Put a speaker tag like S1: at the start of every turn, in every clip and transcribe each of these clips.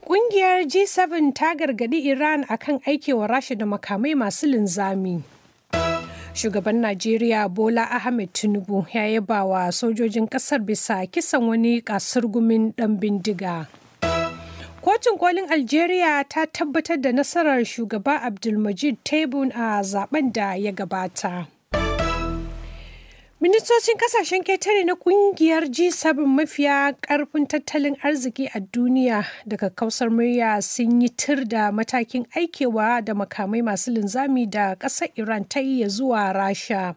S1: Ƙungiyar G7 ta gargadi Iran a kan aikewa Rasha da makamai masu linzami. Shugaban Najeriya Bola Ahmed Tinubu ya yaba wa sojojin ƙasar bisa kisan wani kasurgumin ɗan bindiga. Kotun kolin Algeria ta tabbatar da nasarar shugaba Abdulmajid Tebun a zaben da ya gabata. Ministocin kasashen ketare na kungiyar G7 mafiya karfin tattalin arziki a duniya daga kausar murya sun yi tur da matakin aikewa da makamai masu linzami da ƙasar Iran ta iya zuwa Rasha.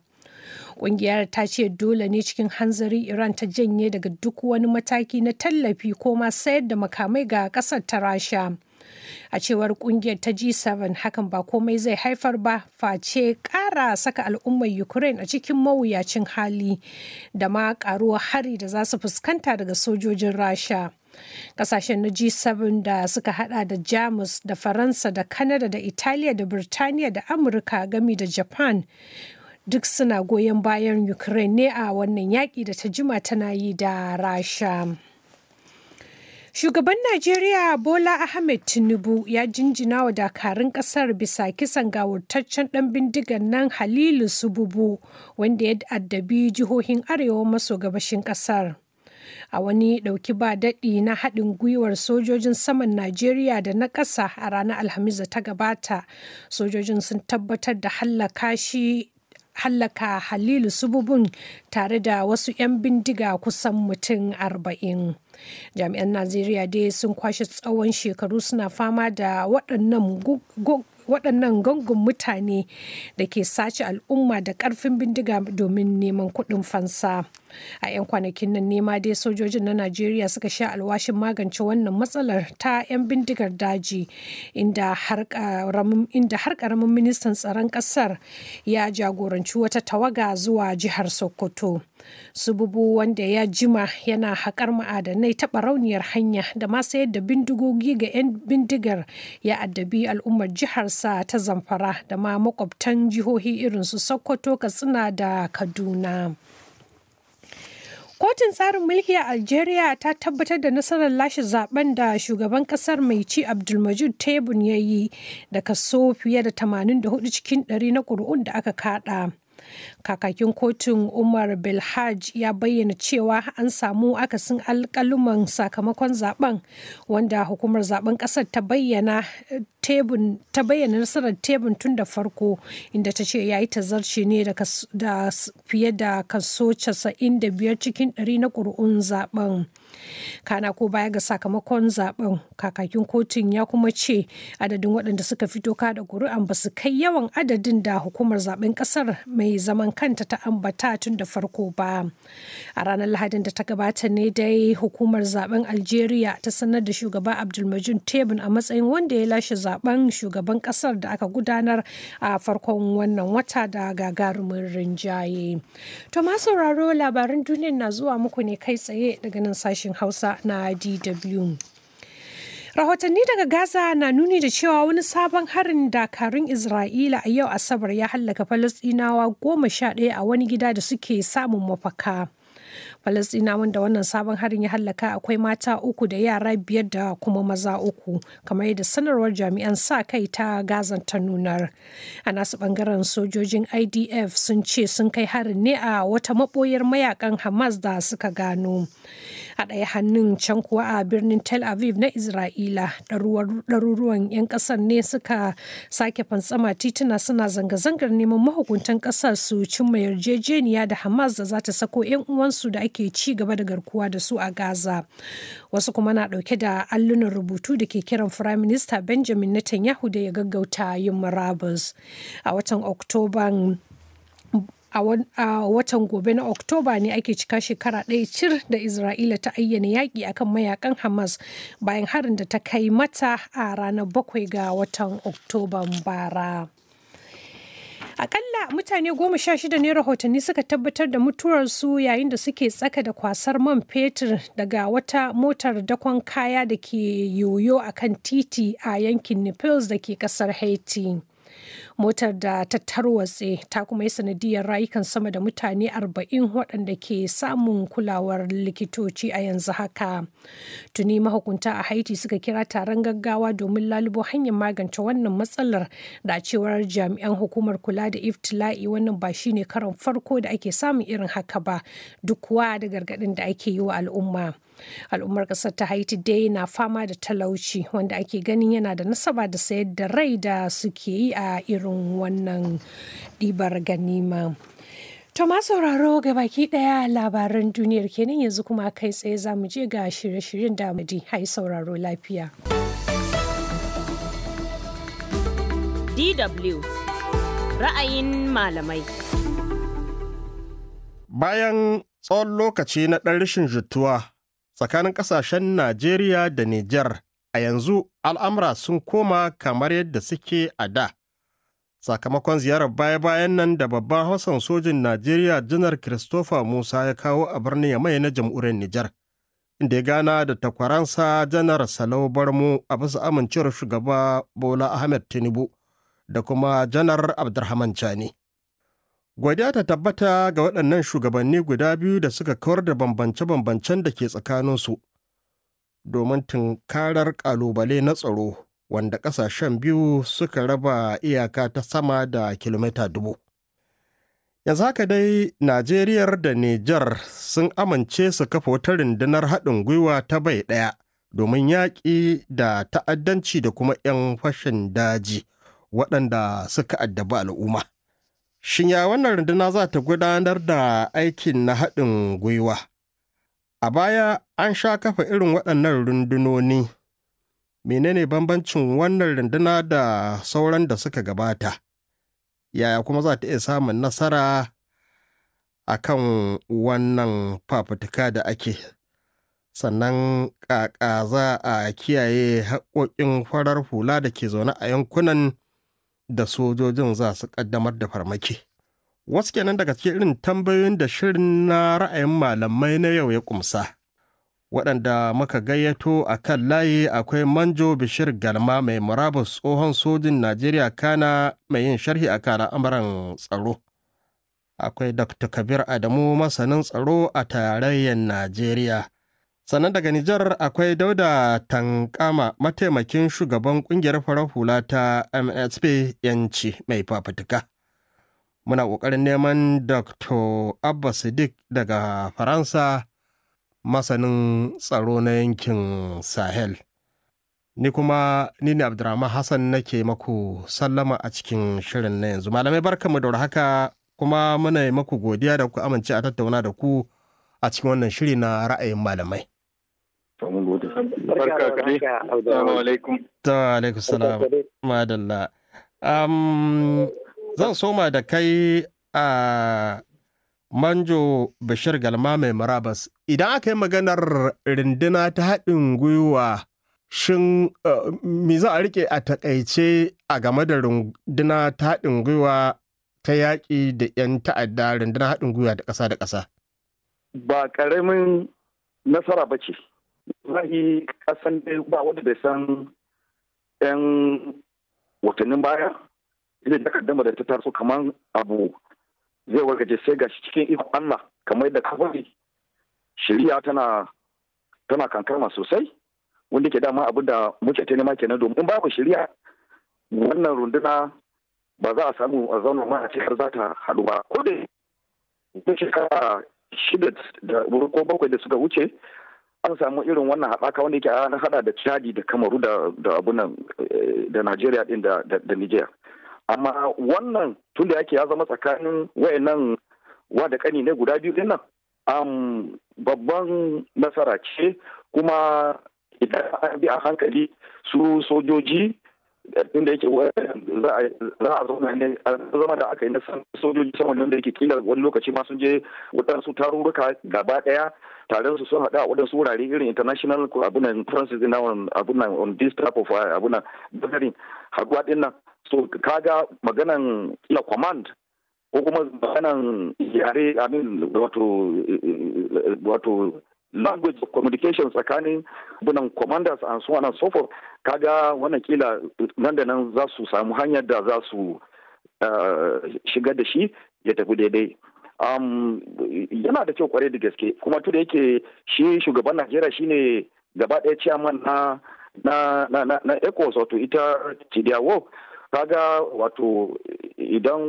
S1: Kungiyar ta ce dole ne cikin hanzari Iran ta janye daga duk wani mataki na tallafi ko ma sayar da makamai ga ƙasar ta Rasha. a cewar kungiyar ta G7 hakan ba komai zai haifar ba face ƙara saka al'ummar Ukraine a cikin mawuyacin hali da ma karuwar hari da za su fuskanta daga sojojin Rasha. kasashen na g7 da suka hada da jamus da faransa da kanada da italiya da birtaniya da amurka gami da japan duk suna goyon bayan ukraine ne a wannan yaƙi da ta jima tana yi da rasha Shugaban Najeriya Bola Ahmed Tinubu ya jinjina wa dakarun kasar bisa kisan gawurtaccen ɗan bindigan nan Halilu Sububu wanda ya addabi jihohin arewa maso gabashin kasar. A wani ɗauki ba daɗi na haɗin gwiwar sojojin saman Najeriya da na ƙasa a ranar Alhamis ta gabata, sojojin sun tabbatar da hallaka shi hallaka halilu sububun tare da wasu 'yan bindiga kusan mutum arba'in. jami'an najeriya dai sun kwashe tsawon shekaru suna fama da waɗannan waɗannan gangun mutane da ke sace al'umma da ƙarfin bindiga domin neman kuɗin fansa. a 'yan kwanakin nan nema dai sojojin na najeriya suka sha alwashin magance wannan matsalar ta 'yan bindigar daji inda har ƙaramin ministan tsaron ƙasar ya jagoranci wata tawaga zuwa jihar sokoto Sububu wanda ya jima yana haƙar ma'adanai ta barauniyar hanya da ma sayar da bindigogi ga 'yan bindigar ya addabi al'ummar jiharsa ta Zamfara da ma makwabtan jihohi irin su Sokoto, Katsina da Kaduna. Kotun tsarin mulki a Algeria ta tabbatar da nasarar lashe zaben da shugaban kasar mai ci Abdulmajid Tebun ya yi da kaso fiye da 84 cikin 100 na ƙuri'un da aka kada. Kakakin kotun Umar bilhaj ya bayyana cewa an samu akasin alkaluman sakamakon zaben wanda hukumar zaben kasar ta bayyana ta bayyana nasarar tebun tun da farko inda ta ce ya yi tazarci ne da fiye da kaso 95 cikin 100 na ƙuri'un zaben. kana ko baya ga sakamakon zaben kakakin kotun ya kuma ce adadin waɗanda suka fito kada kuri'an ba su kai yawan adadin da hukumar zaben ƙasar mai zaman kanta ta ambata tun da farko ba a ranar lahadin da ta gabata ne dai hukumar zaben algeria ta sanar da shugaba abdulmajin tebun a matsayin wanda ya lashe zaben shugaban ƙasar da aka gudanar a farkon wannan wata da gagarumin rinjaye to masu sauraro labaran duniya na zuwa muku ne kai tsaye daga nan sashi sashen Hausa na DW. Rahotanni daga Gaza na nuni da cewa wani sabon harin dakarun Isra'ila a yau Asabar ya hallaka Falasɗinawa goma sha ɗaya a wani gida da suke samun mafaka. Falasɗinawan da wannan sabon harin ya hallaka akwai mata uku da yara biyar da kuma maza uku kamar yadda sanarwar jami'an sa kai ta Gazan ta nunar. A nasu bangaren sojojin IDF sun ce sun kai harin ne a wata maboyar mayakan Hamas da suka gano. A ɗaya hannun can kuwa a birnin Tel Aviv na Isra'ila ɗaruruwan 'yan ƙasar ne suka sake fantsama tituna suna zanga-zangar neman mahukuntan ƙasar su cimma yarjejeniya da Hamas da za ta sako 'yan uwansu da ake ke ci gaba da garkuwa da su a Gaza. Wasu kuma na ɗauke da allunan rubutu da ke kiran Firayim Minista Benjamin Netanyahu da ya gaggauta yin marabus. A watan Oktoban a watan gobe na oktoba ne ake cika shekara ɗaya cir da isra'ila ta ayyana yaƙi akan mayakan hamas bayan harin da ta kai mata a ranar bakwai ga watan oktoban bara Akalla mutane goma sha shida ne rahotanni suka tabbatar da mutuwarsu yayin da suke tsaka da kwasar man fetur daga wata motar dakon kaya da ke yoyo akan titi a yankin Naples da ke kasar Haiti. motar da ta tarwatse ta kuma yi sanadiyar rayukan sama da mutane 40 waɗanda ke samun kulawar likitoci a yanzu haka tuni mahukunta a haiti suka kira taron gaggawa domin lalubo hanyar magance wannan matsalar da cewar jami'an hukumar kula da iftila'i wannan ba shine karon farko da ake samun irin haka ba duk kuwa da gargaɗin da ake yi wa al'umma. al'ummar ƙasar ta haiti dai na fama da talauci wanda ake ganin yana da nasaba da sayar da rai da suke yi a irin wannan ɗibar ganima to ma sauraro ga baki ɗaya labaran duniyar kenan yanzu kuma kai tsaye za mu je ga shirye-shiryen da hai sauraro lafiya DW ra'ayin malamai bayan
S2: tsawon lokaci na ɗan rashin jituwa tsakanin ƙasashen Najeriya da Nijar a yanzu al'amura sun koma kamar yadda suke a da. Sakamakon ziyarar baya-bayan nan da babban hausan sojin Najeriya janar Christopher Musa ya kawo a birnin Yamai na jam'urin Nijar, inda ya gana da takwaransa janar Salau Barmu a bisa amincewar shugaba Bola Ahmed Tinubu da kuma janar Abdurrahman Chani. Gwadiya ta tabbata ga waɗannan shugabanni guda biyu da suka kawar da bambance-bambancen da ke tsakaninsu domin tunkarar ƙalubale na tsaro wanda ƙasashen biyu suka raba iyaka ta sama da kilomita dubu. Yanzu haka dai Najeriya da Nijar sun amince su kafa wata rundunar haɗin gwiwa ta bai ɗaya domin yaƙi da ta'addanci da kuma 'yan fashin daji waɗanda suka addabi al'umma. Shin ya wannan runduna za ta gudanar da aikin na haɗin gwiwa? A baya an sha kafa irin waɗannan rundunoni. Menene bambancin wannan runduna da sauran da suka gabata? Yaya kuma za ta iya samun nasara a kan wannan fafutuka da ake? Sannan ƙaƙa za a kiyaye haƙoƙin farar hula da ke zaune a yankunan da sojojin za su ƙaddamar da farmaki. Wasu kenan daga cikin irin tambayoyin da shirin na ra'ayin malamai na yau ya kumsa. Waɗanda muka gayyato a kan layi akwai Manjo Bishir Galma mai murabus tsohon sojin Najeriya kana mai yin sharhi a kan al'amuran tsaro. Akwai Dr. Kabir Adamu masanin tsaro a tarayyar Najeriya. sannan daga Nijar akwai Dauda Tankama mataimakin shugaban kungiyar farar hula ta MSP yanci mai fafutuka. Muna ƙoƙarin neman Dr. Abba Siddiq daga Faransa masanin tsaro na yankin Sahel. Ni kuma ni ne Abdurrahman Hassan nake maku sallama a cikin shirin na yanzu. Malamai barka mu da haka kuma muna maku godiya da ku amince a tattauna da ku a cikin wannan shiri na ra'ayin malamai. assalamu alaikum ta alaikum salam madalla um, zan soma da kai a manjo bashir galma mai marabas idan aka yi maganar rinduna ta haɗin gwiwa shin eh, me za a rike a takaice a game da rinduna ta haɗin gwiwa ta yaƙi da 'yan ta'adda rundunar haɗin gwiwa da ƙasa da ƙasa
S3: ba ƙaramin nasara ba ce wallahi kasan dai ba wanda bai san yan watannin baya da kaddama da ta taso kamar abu zai wargaje sai gashi cikin ikon Allah kamar da bari. shari'a tana tana kankama sosai wanda ke dama abin da muke ta nema kenan domin babu shari'a wannan runduna ba za a samu a zauna ma a ce har za ta haɗu ba ko da shekara shida da ko bakwai da suka wuce an samu irin wannan haɗaka wanda yake an hada da chadi da kamaru da abunan eh, da nigeria din da niger amma wannan tunda yake ya zama tsakanin wayannan wa da kani ne guda biyu dinnan nan babban nasara ce kuma idan an bi a hankali su sojoji tun da yake za a zauna ne a zama da aka yi na sojoji sama nan da yake kila wani lokaci ma je waɗansu tarurruka gaba ɗaya tare su sun haɗu a waɗansu wurare irin international abunan francis ina abunan on this type of ah, abunan gathering haguwa ɗin nan so kaga maganan kila command ko kuma maganan yare amin wato eh, eh, wato language of communication tsakanin bunan commanders and so on and so forth kaga wannan kila nan da nan za su samu hanyar da za su eh, shiga da shi ya tafi daidai yana da kyau kwarai da gaske kuma tu da yake shi shugaban najeriya shine gaba ɗaya ciyaman na na na na, na ecos wato ita cidiyawo kaga wato idan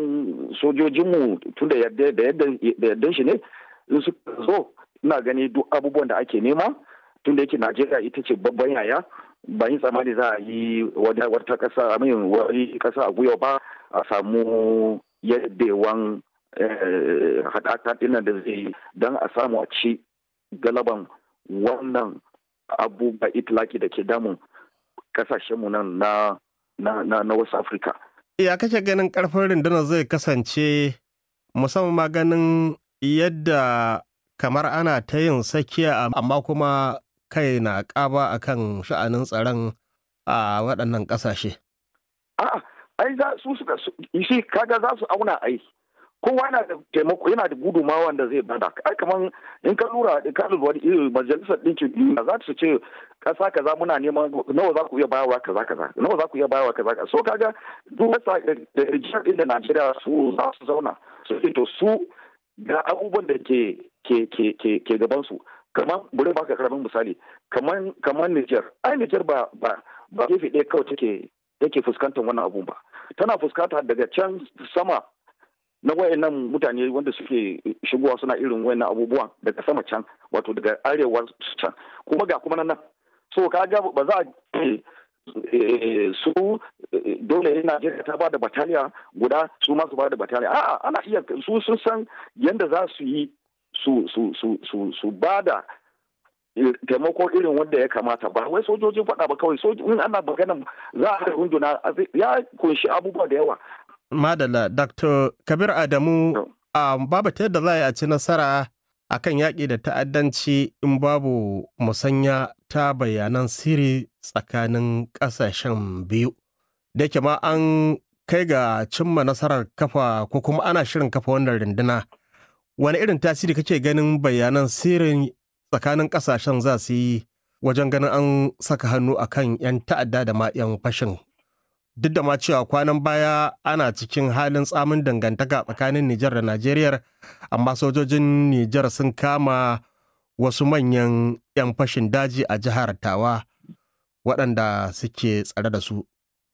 S3: sojojinmu tun da yadda da yadda shi ne suka zo ina gani duk abubuwan da ake nema tun da yake najeriya ita ce babban yaya ba yin tsammani za a yi wata kasa a wani kasa a gwiwa ba a samu yadewan eh, haɗaka ɗinan da zai don a samu a ci galaban wannan abubuwa itilaki da ke damun kasashenmu nan na na wasu afirka
S2: ya kake ganin karfin rundunar zai kasance musamman ma ganin yadda kamar ana ta yin sakiya amma kuma kai na ƙaba a kan sha'anin tsaron a waɗannan ƙasashe.
S3: A'a, ai za su suka shi kaga za su auna ai. Kowa yana da taimako yana da gudumawa wanda zai bada. Ai kamar in ka lura da ka lura majalisar ɗinkin duniya za su ce ƙasa kaza muna neman nawa za ku iya bayarwa kaza kaza nawa za ku iya bayarwa kaza kaza. So kaga duk wasa da rijiyar da Najeriya su za su zauna su fito su ga abubuwan da ke ke gabansu kamar bari ba ka karamin misali kamar Niger ai Niger ba ba gefe ɗaya kawai take take fuskantar wannan abun ba tana fuskanta daga can sama na wayannan mutane wanda suke shigowa suna irin wayannan abubuwan daga sama can wato daga arewa can kuma ga kuma nan so ka ga ba za eh, eh, su eh, dole Najeriya ta ba da bataliya guda su ma su ba da bataliya a'a ana iya su sun san yadda za su yi su su su su su bada taimako irin wanda ya kamata ba wai sojojin faɗa ba kawai in ana maganan za a runduna ya kunshi abubuwa da yawa
S2: madala dr kabir adamu a babu ta yadda za a ci nasara a kan yaƙi da ta'addanci in babu musanya ta bayanan sirri tsakanin ƙasashen biyu da ke ma an kai ga cimma nasarar kafa ko kuma ana shirin kafa wannan runduna wani irin tasiri kake ganin bayanan sirrin tsakanin kasashen za su yi wajen ganin an saka hannu a kan 'yan ta'adda da ma 'yan fashin duk da ma cewa kwanan baya ana cikin halin tsamin dangantaka tsakanin nijar da najeriya amma sojojin nijar sun kama wasu manyan 'yan fashin daji a jihar tawa waɗanda suke tsare da su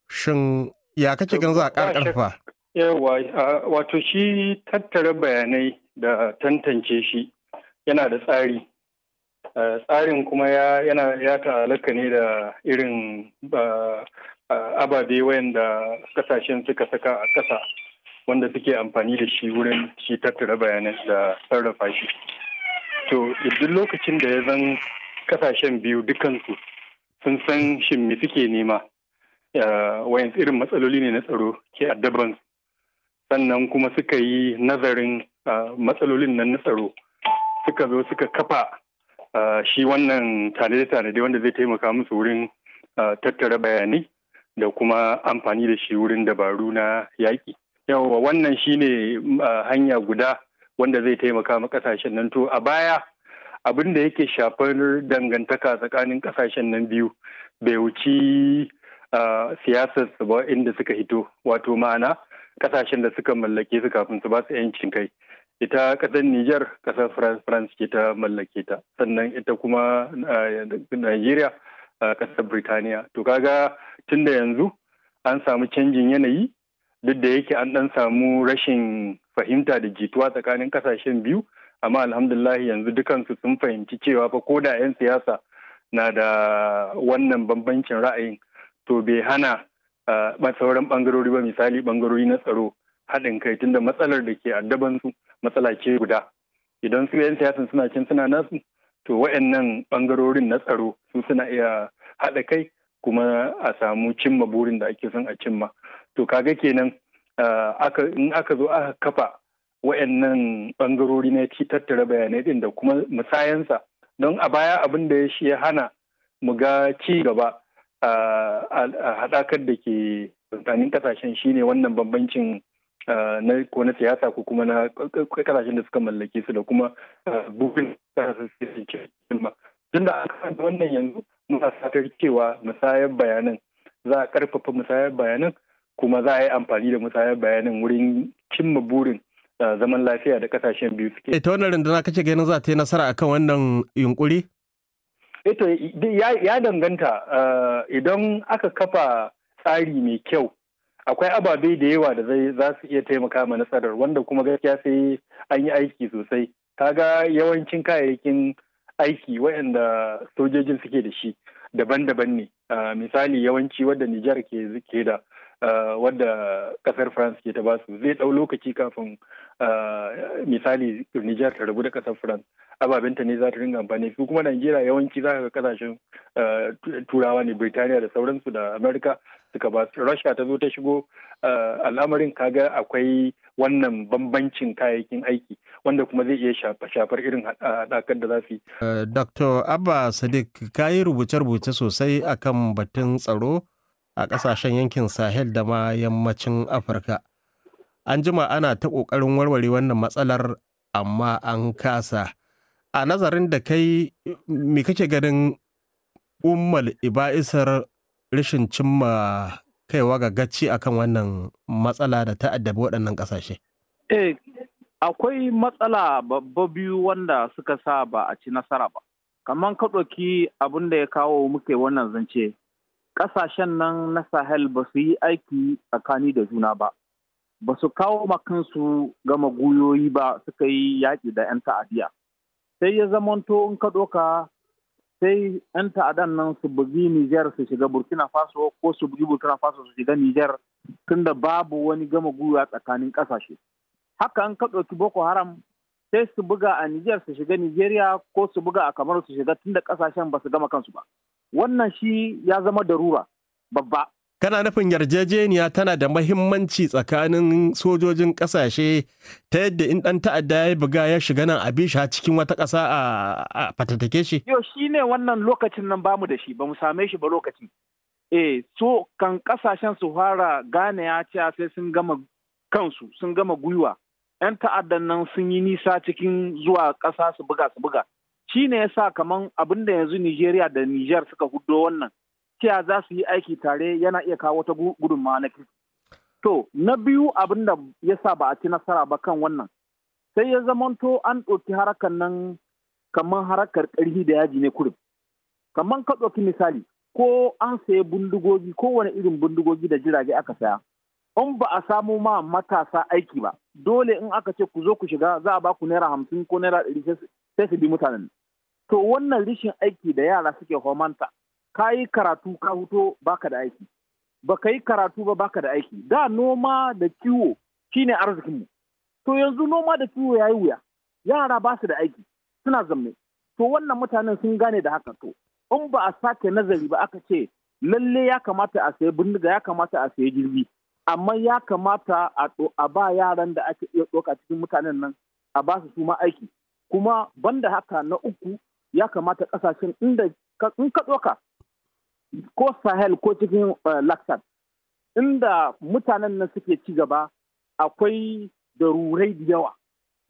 S2: shin ya kake ganin za a ƙara ƙarfa
S4: yawa wato shi tattara bayanai da tantance shi yana da tsari eh, tsarin kuma yana ya ta'alaka ne da irin eh, eh, ababe wayanda kasashen suka saka a ƙasa wanda suke amfani da shi wurin shi tattara bayanai da sarrafa shi to duk lokacin da ya zan kasashen biyu dukansu sun san shin me suke nema wayan irin matsaloli ne na tsaro ke addabansu sannan kuma suka yi nazarin matsalolin nan na tsaro suka zo suka kafa shi wannan tanade-tanade wanda zai taimaka musu wurin tattara bayanai da kuma amfani da shi wurin dabaru na yaƙi. Yawwa wannan shi ne hanya guda wanda zai taimaka ma ƙasashen nan to a baya abin da yake shafar dangantaka tsakanin ƙasashen nan biyu bai wuci siyasar su ba inda suka hito wato ma'ana ƙasashen da suka mallake su kafin su ba su 'yancin kai. ita kasar Nijar kasar France ke ta mallake ta sannan ita kuma eh, nigeria kasar eh, Birtaniya to kaga tun da yanzu an samu canjin yanayi duk da yake an dan samu rashin fahimta da jituwa tsakanin kasashen biyu amma alhamdulahi yanzu dukansu sun fahimci cewa fa ko da 'yan siyasa na da wannan bambancin ra'ayin to bai hana eh, sauran bangarori ba misali bangarori na tsaro haɗin kai tunda matsalar da ke addabansu su matsala ce guda idan su 'yan siyasan suna cin suna nasu to wa'annan bangarorin na tsaro su suna iya haɗa kai kuma a samu cimma burin da ake son a cimma to kaga kenan eh, in aka zo aka kafa wa'annan bangarori na ci tattara bayanai din da kuma musayansa don a baya abin da shi ya hana mu ga ci gaba eh, a haɗakar da ke tsakanin kasashen shine wannan bambancin na ko na siyasa ko kuma na kasashen da suka mallake su da kuma bugun tun da aka da wannan yanzu muna satar cewa musayar bayanan za a karfafa musayar bayanan kuma za a yi amfani da musayar bayanan wurin cimma burin zaman lafiya da kasashen biyu
S2: suke. Ita eh, wannan rundunar kace ganin za ta yi nasara akan wannan yunkuri?
S4: Eh, ita ya danganta idan aka kafa tsari mai kyau akwai ababe da yawa da zai za su iya taimaka ma nasarar wanda kuma gaskiya sai an yi aiki sosai kaga yawancin kayayyakin aiki waɗanda sojojin suke da shi daban-daban ne misali yawanci wadda Nijar ke zuke da wadda kasar France ke ta basu zai ɗau lokaci kafin misali Nijar ta rabu da kasar France ababenta ne za ta ringa amfani su kuma najeriya yawanci za ka kasashen eh, turawa ne birtaniya da sauransu da amerika suka ba russia ta zo ta shigo eh, al'amarin kaga akwai wannan bambancin kayayyakin aiki wanda kuma zai iya shafar irin ah, haɗakar da za yi.
S2: Eh, dr abba sadiq ka yi rubuce-rubuce sosai akan batun tsaro a ƙasashen yankin sahel da ma yammacin afirka an jima ana ta ƙoƙarin warware wannan matsalar amma an kasa a nazarin da kai me kake ganin ummal iba'isar rashin cimma kaiwa ga gaci akan wannan matsala da ta addabi waɗannan ƙasashe?
S5: Eh, akwai matsala babba biyu wanda suka sa ba a ci nasara ba. Kamar ka ɗauki abin da ya kawo muke wannan zance, ƙasashen nan na Sahel ba su yi aiki tsakani da juna ba. Ba su kawo makansu gama guyoyi ba suka yi yaƙi da 'yan ta'adiyya. sai ya zamanto in ka doka sai 'yan ta'adan nan su bugi Nijar su shiga Burkina Faso ko su bugi Burkina Faso su shiga Nijar tunda babu wani gama gwiwa tsakanin ƙasashe. Haka an ka ɗauki Boko Haram sai su buga a Nijar su shiga Nijeriya ko su buga a kamar su shiga tunda ƙasashen ba su gama kansu ba. Wannan shi ya zama darura
S2: babba. kana nufin yarjejeniya tana da mahimmanci tsakanin sojojin kasashe ta yadda in ɗan ta'adda ya buga ya shiga nan a bisha cikin wata kasa a fatattake shi?
S5: Yo shi ne wannan lokacin nan bamu da shi bamu same shi ba lokacin. Eh so kan ƙasashen su fara gane ya ce sai sun gama kansu sun gama gwiwa. 'Yan ta'addan nan sun yi nisa cikin zuwa ƙasa su buga su buga. Shi ne ya sa kaman abin da yanzu Nijeriya da Nijar suka hudo wannan cewa za su yi aiki tare yana iya kawo wata gudunmawa na kirki. To, na biyu abin da ya sa ba a ci nasara ba kan wannan, sai ya zamanto an ɗauki harakan nan kamar harakar ƙarfi da yaji ne kurin. Kamar ka ɗauki misali, ko an sayi bindigogi, kowane irin bindigogi da jirage aka saya. In ba a samu ma matasa aiki ba, dole in aka ce ku zo ku shiga za a ba ku naira hamsin ko naira ɗari sai su bi mutanen. To wannan rishin aiki da yara suke homanta ka yi karatu ka huto baka da aiki ba ka yi karatu ba baka da aiki da noma da kiwo shine arzikinmu to yanzu noma da ciwo ya yi wuya yara ba su da aiki suna zamme to wannan mutanen sun gane da haka to in ba a sake nazari ba aka ce lalle ya kamata a sayi bindiga ya kamata a sayi jirgi amma ya kamata a ba yaran da ake iya tsoka cikin mutanen nan a ba su su aiki kuma banda haka na uku ya kamata kasashen inda in ka tsoka ko sahel ko cikin eh, laksat inda mutanen nan suke ci gaba akwai darurai da yawa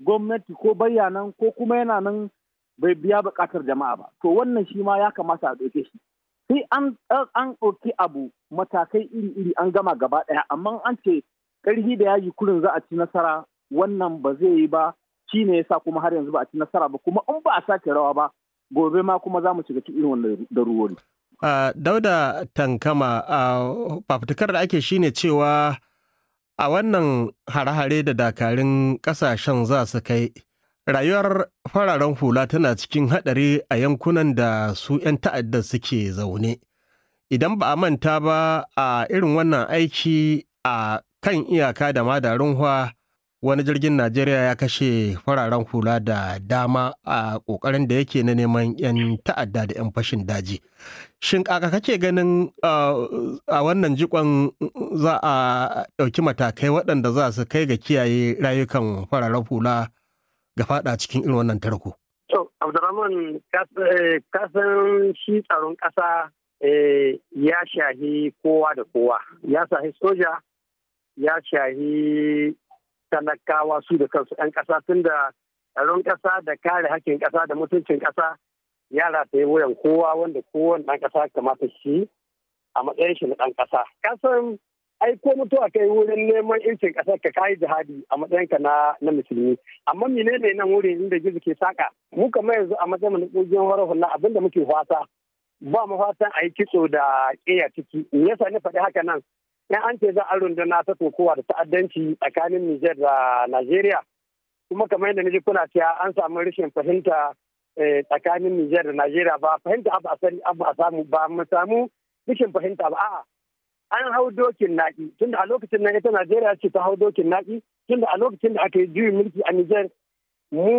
S5: gwamnati ko bayanan ko kuma yana nan bai biya bukatar jama'a ba to wannan shi ma ya kamata a ɗauke shi sai an ɗauki abu matakai iri-iri an gama gaba ɗaya amma an ce ƙarfi da yaji kurin za a ci nasara wannan ba zai yi ba shi ne yasa kuma har yanzu ba a ci nasara ba kuma in ba a sake rawa ba gobe ma kuma za mu shiga cikin irin wannan darurori.
S2: a dauda tankama a fafutukar da ake shine cewa a wannan hare-hare da dakarun kasashen za su kai rayuwar fararen hula tana cikin haɗari a yankunan da su 'yan ta'adda suke zaune idan ba a manta ba a irin wannan aiki a kan iyaka da madarin hwa wani jirgin najeriya ya kashe fararen hula da dama a kokarin da yake na neman 'yan ta'adda da 'yan fashin daji shin kaka kake ganin a wannan jikon za a ɗauki matakai waɗanda za su kai ga kiyaye rayukan fararen hula ga fada cikin irin wannan tarko
S3: abdurrahman kasan eh, shi tsaron ƙasa eh, ya shahi kowa da kowa ya shahi soja ya shahi talakawa su da kansu 'yan ƙasa tun da tsaron kasa da kare hakkin kasa da mutuncin kasa yara ta yi wuyan kowa wanda kowane ɗan ƙasa kamata shi a matsayin shi na ɗan ƙasa. Kasan ai ko mutuwa kai wurin neman incin ƙasar ka kayi jihadi a matsayin ka na musulmi amma mine ne nan wurin inda gizo ke saka mu kamar yanzu a matsayin na ƙungiyar warar hula abinda muke fata ba mu fatan a yi kitso da ƙeya ciki me yasa ni faɗi haka nan in an ce za a runduna ta tokowa da ta'addanci tsakanin Nijar da Najeriya kuma kamar yadda naji kuna cewa an samu rashin fahimta eh, tsakanin Nijar da Najeriya ba fahimta abu asali abu a samu ba mu samu rashin fahimta ba a'a an hau dokin naki tunda a lokacin nan ita Najeriya ce ta hau dokin naki tunda a lokacin da aka yi juyin mulki a Nijar mu